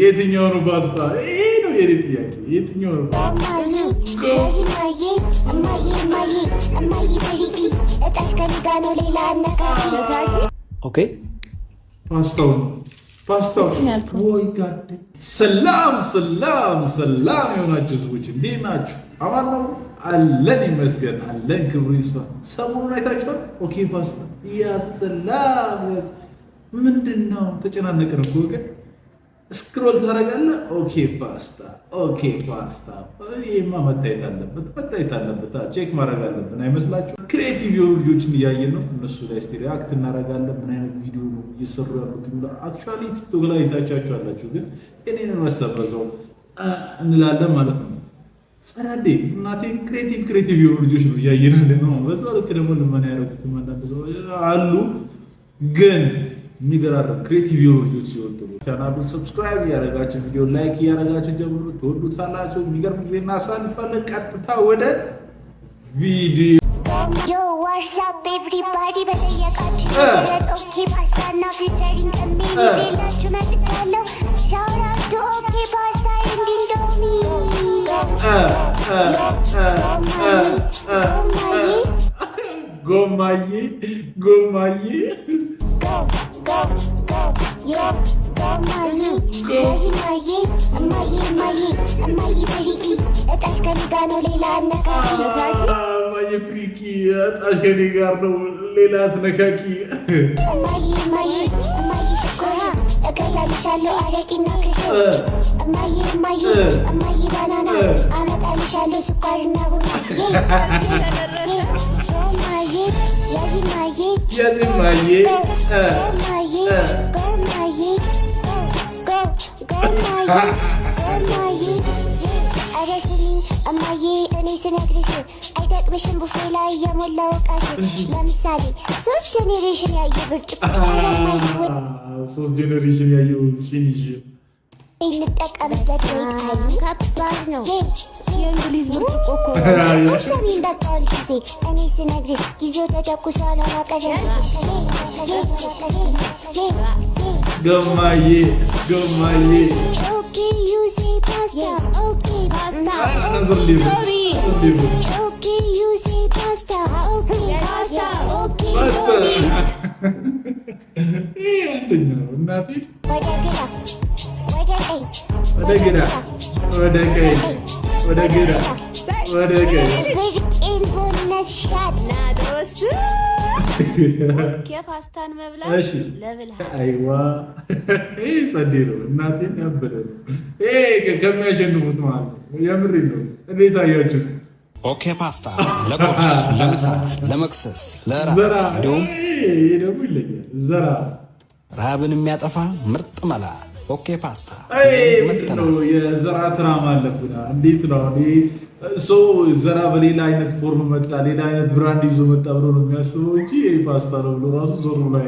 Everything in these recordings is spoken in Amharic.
የትኛው ነው ፓስታ? ይሄ ነው የኔ ጥያቄ። የትኛው ነው ፓስታው ነው ፓስታው። ወይ ጋድ! ሰላም ሰላም ሰላም የሆናችሁ ሰዎች እንዴት ናችሁ? አማን ነው አለን ይመስገን፣ አለን ክብሩ ይስፋ። ሰሞኑን አይታችኋል። ኦኬ ፓስታ ያ ሰላም ምንድን ነው? ተጨናነቅን እኮ ግን ስክሮል ታደርጋለህ። ኦኬ ፓስታ፣ ኦኬ ፓስታ። ይሄማ መታየት አለበት፣ መታየት አለበት። ቼክ ማድረግ አለብን አይመስላችሁ? ክሬቲቭ የሆኑ ልጆችን እያየን ነው። እነሱ ላይ ስቴዲ አክት እናደርጋለን። ምን አይነት ቪዲዮ ነው እየሰሩ ያሉት? አክቹዋሊ ቲክቶክ ላይ የታቻችሁ አላችሁ፣ ግን እኔን መሰበዘው እንላለን ማለት ነው። ጸዳዴ እናቴ ክሬቲቭ ክሬቲቭ የሆኑ ልጆች ነው እያየናለ ነው። በዛ ልክ ደግሞ ልመና ያደረጉትም አንዳንድ ሰው አሉ ግን የሚገራረም ክሬቲቭ የሆኑ ልጆች ሲወጡ ቻናሉን ሰብስክራይብ እያደረጋችሁ ቪዲዮ ላይክ እያደረጋችሁ ጀምሩ። ትወዱታላችሁ። የሚገርም ጊዜ እናሳልፋለን። ቀጥታ ወደ ቪዲዮ ጎማዬ ጎማዬ እጣሽ ከኔ ጋር ነው፣ ሌላ አነካኪ እጣሽ ከኔ ጋር ነው፣ ሌላ አትነካኪ። እማዬ እማዬ እማዬ ሽኮራ እገዛልሻለሁ አረቂና ክክር። እማዬ እማዬ እማዬ ባናና ኧረ እማዬ እኔ ስነግርሽ አይጠቅምሽም ቡፌ ላይ የሞላው ዕቃሽ ለምሳሌ ሶስት ጄኔሬሽን ያየ ብርጭቆ ሶስት ጄኔሬሽን ያየ የእንግሊዝ ምርጭቆ እኮ ሰሚን በቃል ጊዜ እኔ ስነግርሽ ጊዜው ተጨቁሶ አለማቀሽ ገማዬ ገማዬ ኦኬ ዩሴ ፓስታ ኦኬ ፓስታ ኦኬ ዩሴ ፓስታ ኦኬ ፓስታ ኦኬ ፓስታ ልኝ ነው እናቴ ወደ ግራ ወደ ቀኝ ወደ ግራ ወደ ቀኝ ፓስታን መብላት አይዋ ጸዴ ነው። እናቴን ያበደ ነው ከሚያሸንፉት ማለት ነው። የምሬ ነው። እንዴት አያችሁት? ኦኬ ፓስታ ለቁርስ፣ ለምሳ፣ ለመክሰስ፣ ለእራት እንዲሁም ይሄ ደግሞ ይለኛል ዘራ ረሃብን የሚያጠፋ ምርጥ መላ ኦኬ ፓስታ የዘራት ራም አለብና እንዴት ነው ሰው ዘራ በሌላ አይነት ፎርም መጣ፣ ሌላ አይነት ብራንድ ይዞ መጣ ብሎ ነው የሚያስበው እንጂ ይህ ፓስታ ነው ብሎ ራሱ ዞሩ ላይ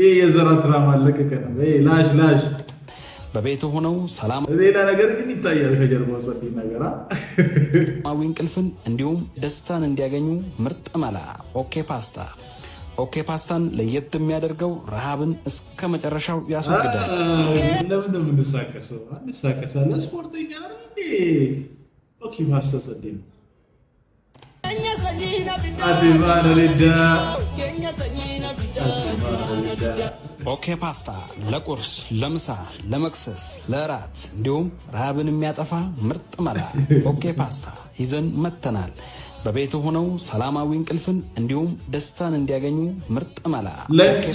ይህ የዘራ ራም አለቀቀ ነው ላሽ ላሽ በቤቱ ሆነው ሰላም ሌላ ነገር ግን ይታያል ከጀርባ ጸዴ ነገራ ማዊ እንቅልፍን እንዲሁም ደስታን እንዲያገኙ ምርጥ መላ ኦኬ ፓስታ ኦኬ ፓስታን ለየት የሚያደርገው ረሃብን እስከ መጨረሻው ያስወግዳል። ለምን ነው የምንሳቀሰው? ስፖርተኛ ኦኬ ፓስታ ጸዴ ነው። ኦኬ ፓስታ ለቁርስ፣ ለምሳ፣ ለመክሰስ፣ ለእራት እንዲሁም ረሃብን የሚያጠፋ ምርጥ መላ ኦኬ ፓስታ ይዘን መተናል። በቤት ሆነው ሰላማዊ እንቅልፍን እንዲሁም ደስታን እንዲያገኙ ምርጥ መላ።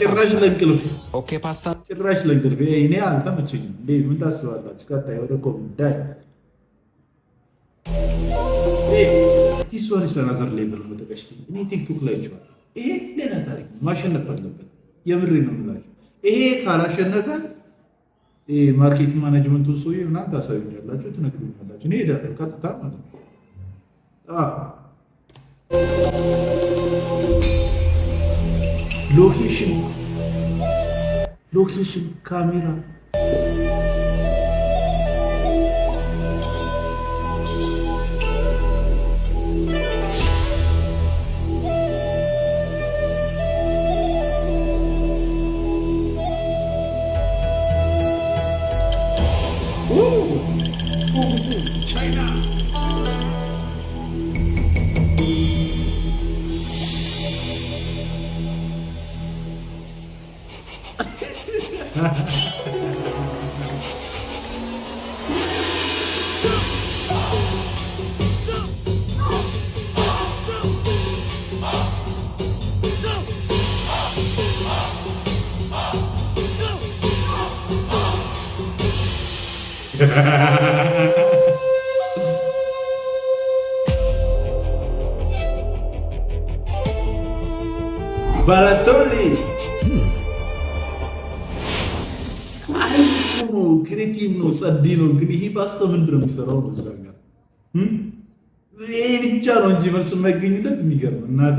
ጭራሽ ለእንቅልፍ ኦኬ ፓስታ፣ ጭራሽ ለእንቅልፍ እኔ አልተመቸኝም። ምን ታስባላችሁ? ቀጣይ ወደ ኮሚዳይ ቲሷን ስለናዘር ላይ ብር መጠቀሽት እኔ ቲክቶክ ላይ ይችዋል። ይሄ ሌላ ታሪክ ነው። ማሸነፍ አለበት። የምሬ ነው የምላቸው። ይሄ ካላሸነፈ ማርኬት ማናጅመንቱን ሰውዬ ምናምን ታሳዩኛላችሁ፣ ትነግሩኛላችሁ። እኔ ሄዳለሁ ቀጥታ ማለት ነው። ሎኬሽን ሎኬሽን ካሜራ Ha ha ha ha! ፓስታ ምንድን ነው የሚሰራው? ነው እዛኛ ይሄ ብቻ ነው እንጂ መልስ የማይገኝለት የሚገርም እናቴ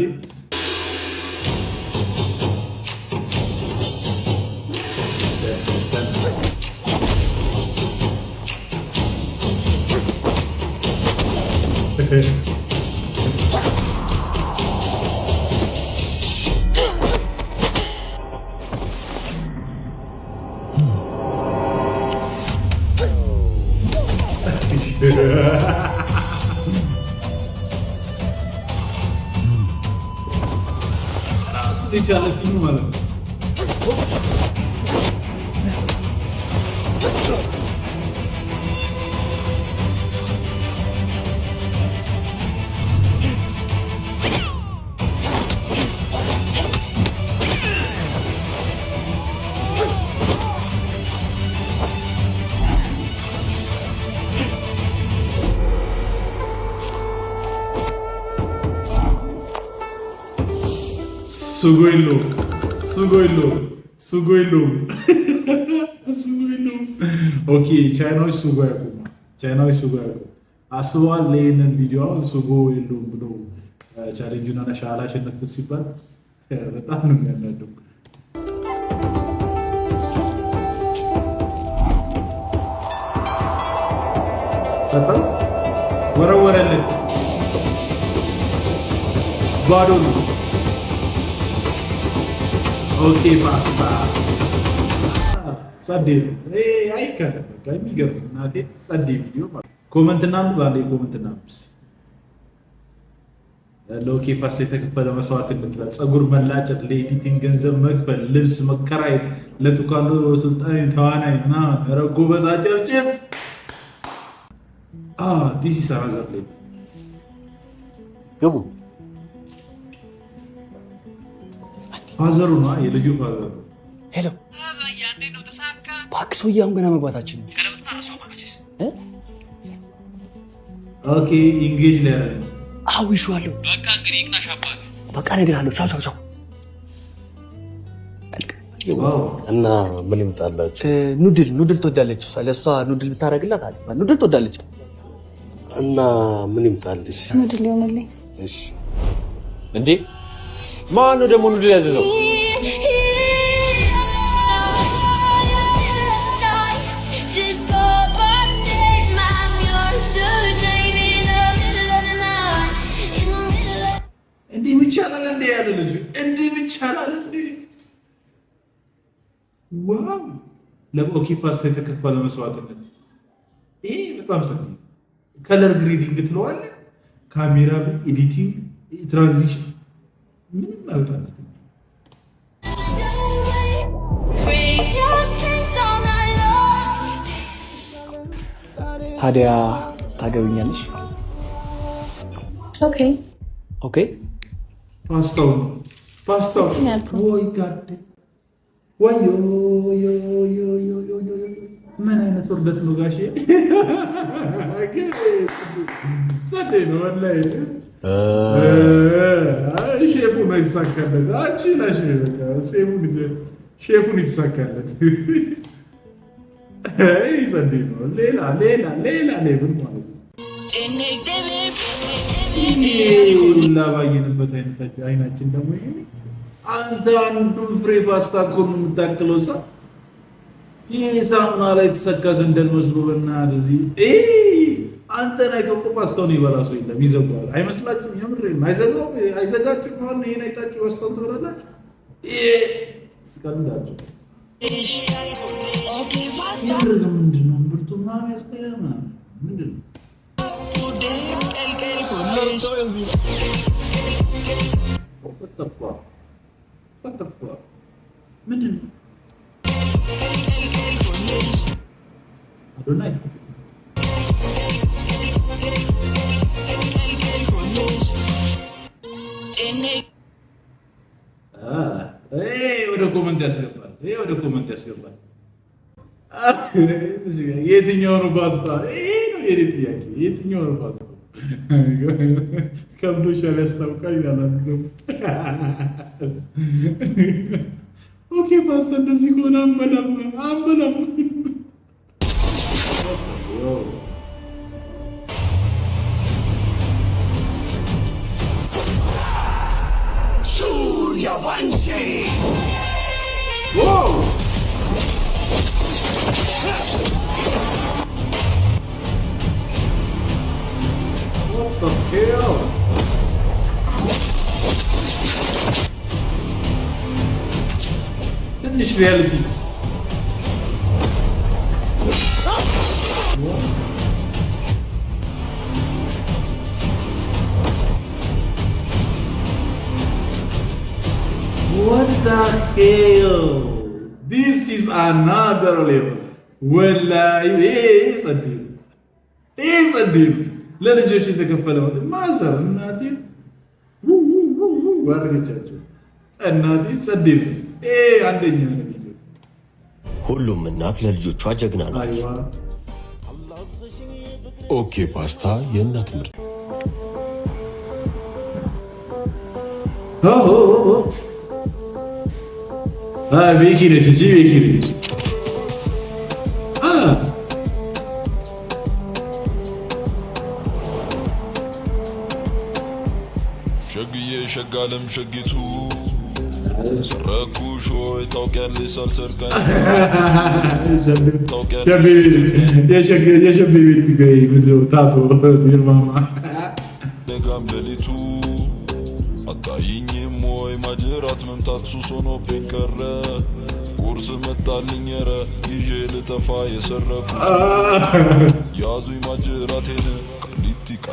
zekalı film var. ሱጎ Sugoylum. ሱጎ Sugoylum. ኦኬ ቻይናዎች ሱጎ ያውቁም። ቻይናዎች ሱጎ ያውቁም። አስበዋል ለይህንን ቪዲዮ አሁን ሱጎ የለውም ብሎ ቻሌንጁን አነሻ አላሸነፍኩም ሲባል በጣም ነው የሚያናደው። ሰጠው ወረወረለት ባዶ ነው። ኦኬ ፓስታ ጸዴ ነው የሚገርም እናቴ ጸዴ ቪዲዮ ኮመንት ኮመንት ለኦኬ ፓስታ የተከፈለ መስዋዕትነት መላጨት፣ ለኤዲቲንግ ገንዘብ መክፈል፣ ልብስ መከራየት፣ ለቱካሎ ስልጣን ተዋናይ እና ረጎ በዛጨብጭብ ግቡ ፋዘሩ ነው የልጁ ፋዘሩ። ሄሎ እባክህ ሰውዬ፣ አሁን ገና መግባታችን ነው። ኦኬ ኢንጌጅ ላይ ያለ አው ይሹዋለሁ። በቃ እንግዲህ ይቅናሽ አባት፣ በቃ ነገር አለው። ቻው ቻው ቻው። እና ምን ይምጣላችሁ? ኑድል ኑድል ትወዳለች እሷ። ለእሷ ኑድል ብታደርግላት አለ። ኑድል ትወዳለች እና ምን ይምጣልሽ? ኑድል ይሆንልኝ። እሺ እንዴ ማን ነው ደግሞ ኑድል ያዘዘው? ዋው ለኦኪፓርስ የተከፈለ መስዋዕትነት ይሄ በጣም ሰ ከለር ግሬዲንግ ትለዋለህ፣ ካሜራ ኤዲቲንግ፣ ትራንዚሽን ምንም አይወጣለትም። ታዲያ ታገብኛለሽ? ኦኬ ኦኬ። ፓስታው ፓስታው ወይ ጋዴ ወይ ምን አይነት ውርደት ነው ጋሼ? ጸደይ ነው ወላሂ ሼፉን የተሳካለት አንቺ ነሽ። ሼፉን የተሳካለት ነው። ሌላ ሌላ ሌላ ሌብል ማለት ነው። ሁላ ባየንበት አይናችን ደግሞ አንተ አንዱን ፍሬ ፓስታ እኮ ነው የምታክለው። ሳ ይህ ሳሙና ላይ የተሰካ ዘንደል መስሎ በእናትህ እዚህ አንተ ላይ እኮ ፓስታውን ይበላ ሰው የለም። ይዘጓል። አይመስላችሁም? የምር አይዘጋው አይዘጋችሁ ከሆነ ይሄን አይታችሁ ፓስታውን ትበላላችሁ። ይሄ እስከምዳችሁ ምንድነው ምርቱ ምናምን ምንድነው አዶናይ ኮመንት ያስገባል። ይሄ ወደ ኮመንት ያስገባል። የትኛው ነው ፓስታ? ይሄ ነው የኔ ጥያቄ። የትኛው ነው ፓስታ? ከብዶሻል፣ ያስታውቃል ይላል። ኦኬ ፓስታ እንደዚህ ከሆነ አንበላም አንበላም the kill? Finish reality. What the hell? This is another level. Well, uh, it is a deal. It is a deal. ለልጆች የተከፈለ ወጥ ማዘር እናቴን ባረገቻቸው። እናቴ ጸዴ አንደኛ ሁሉም እናት ለልጆቿ ጀግና ናት። ኦኬ ፓስታ የእናት ምርት ቤኪ ነች እንጂ ቤኪ ነች شغالم شقيتو سراكو شوي توكر لسان سركان شبيب يا شبيب يا شبيب تقاي بدو تاتو دير ماما دقام دليتو አታይኝም ወይ ማጅራት መምታት ሱስ ሆኖብኝ ቀረ ቁርስ መጣልኝ ኧረ ይዤ ልጠፋ የሰረኩ ያዙኝ ማጅራቴን ቀሊቲ ቀ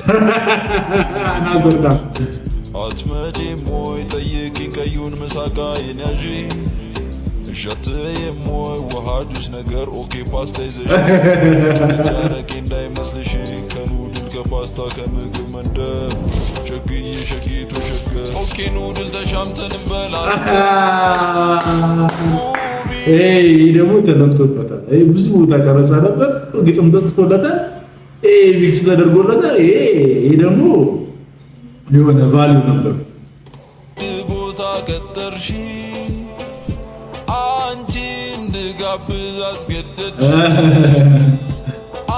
አትመጪም ሞይ ጠይቂ ቀዩን መሳቃይን ያዢ እሻትዬም ሞይ ውሃ ጁስ ነገር ኦኬ ፓስታ ይዘሽ ጨረቂ እንዳይመስልሽ ከኑድል ከፓስታ ከምግብ መንደር ሸግዬ ሸጊቱ ሸገር ኦኬ ኑድል ተሻምተን እንበላል። ይህ ደግሞ ተለፍቶበታል። ብዙ ቦታ ቀረጻ ነበር፣ ግጥም ተጽፎለታል፣ ሚክስ ተደርጎለታል። ይሄ ደግሞ የሆነ ቫሉ ነበሩ። ቦታ ቀጠርሽ አንቺ እንድጋብዝ አስገደድ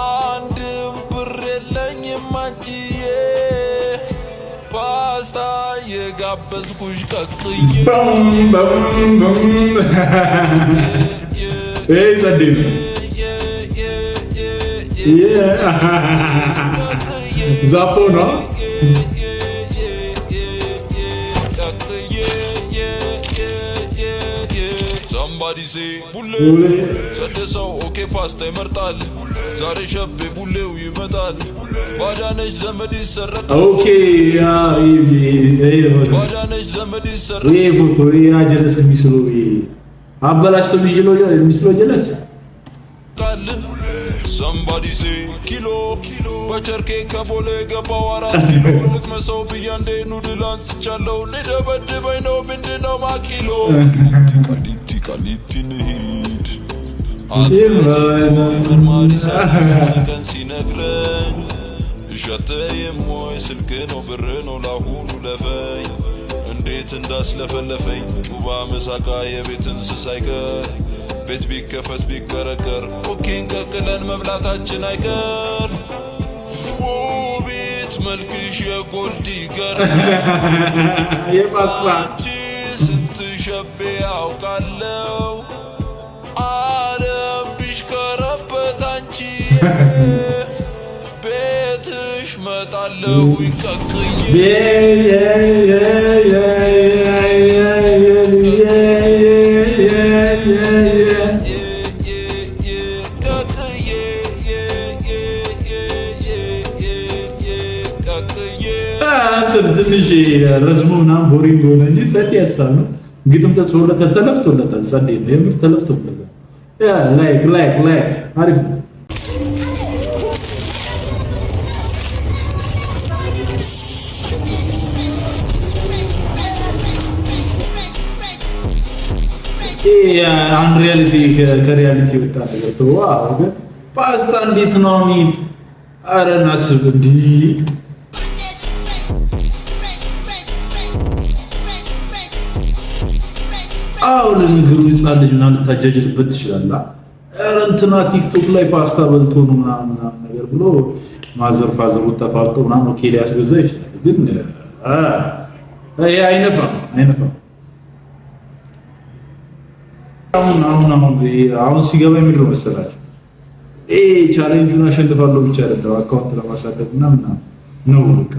አንድም ብር የለኝም አንቺዬ ፓስታ የጋበዝኩሽ ቀቅዬ ጸዴ ዛፖ ነው ጸድ ሰው ኦኬ ፓስታ ይመርጣል። ዛሬ ሸቤ ቡሌው ይመጣል። ባጃነች ዘመድ ይሰረቅ ዘመድ ይሰረቅ ፎቶ ጀለስ የሚስሎ አበላሽቶ የሚስሎ ጀለስ ሰምባዲ ሴ ኪሎ በቸርኬ ከቦሌ ገባው አራት ኪሎ ልቅመሰው ብያንዴ ኑድል አንስቻለሁ ሊደበድበኝ ነው ምንድነው ማኪሎ ቲቃሊቲ ቃሊቲ ንሂድ አትመኝ ብር እንዴት እንዳስለፈለፈኝ ጩባ መሳቃ የቤት እንስሳ አይቀር ቤት ቢከፈት ቢቀረቀር ቀቅለን መብላታችን አይቀር ቤት መልክሽ የጎልድ ይገርም ስትሸቤ አውቃለው ትንሽ ረዝሞ ምናምን ቦሪንግ ሆነ እንጂ ጸዴ ሀሳብ ነው። ግጥም ተጽፎለታል፣ ተለፍቶለታል። ጸዴ ነው የምር ተለፍቶለታል። ላይክ ላይክ ላይክ አሪፍ ነው። አንድ ሪያሊቲ ከሪያሊቲ ወጣ ነገር ተወው። አሁን ግን ፓስታ እንዴት ነው ኒ አረ እናስብ እንዲ አሁን ንግሩ ህፃን ልጅ ምናምን ልታጃጅልበት ትችላለህ። አረ እንትና ቲክቶክ ላይ ፓስታ በልቶ ነው ምናምን ምናምን ነገር ብሎ ማዘር ፋዘሩ ተፋልጦ ምናምን ኬላ ያስገዛ ይችላል። ግን አይነፋም አይነፋም አሁን አሁን አሁን አሁን ሲገባ የሚለው መሰላችሁ ይሄ ቻሌንጁን አሸንፋለሁ ብቻ አይደለም አካውንት ለማሳደግ እና ምናምን ነው። በቃ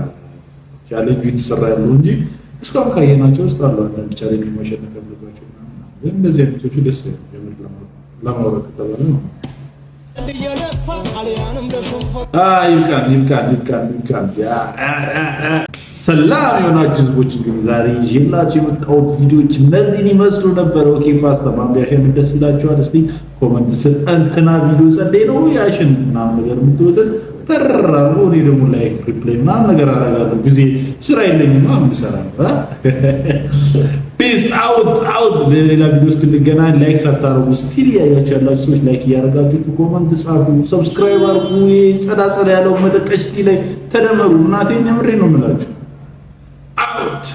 ቻሌንጁ የተሰራ ያለው እንጂ እስካሁን ካየናቸው ውስጥ አሉ አንዳንድ ቻሌንጁ ማሸነፍ ያለባቸው ግን እንደዚህ አይነቶቹ ደስ የምር ለማውራት ከተባለ ነው። ይብቃን ይብቃን ይብቃን ይብቃን። ሰላም የሆናችሁ ህዝቦች እንግዲህ ዛሬ ይዤላችሁ የመጣሁት ቪዲዮዎች እነዚህን ይመስሉ ነበር። ኦኬ ፓስታ ማንቢያ ሸን ደስ ይላችኋል? እስቲ ኮመንት ስር እንትና ቪዲዮ ጸዴ ነው ያሸንፍ ምናምን ነገር የምትወትን ተራራሉ። እኔ ደግሞ ላይክ ሪፕላይ ምናምን ነገር አደርጋለሁ። ጊዜ ስራ የለኝማ ምን እሰራለሁ? ፒስ አውት አውት። ለሌላ ቪዲዮ እስክንገናኝ ላይክ ሳታረጉ ስቲል ያያችሁ ያላችሁ ሰዎች ላይክ እያደረጋችሁ ኮመንት ጻፉ፣ ሰብስክራይብ አርጉ። ጸዳጸዳ ያለው መጠቀሽ ስቲ ላይ ተደመሩ። እናቴን የምሬ ነው የምላችሁ out.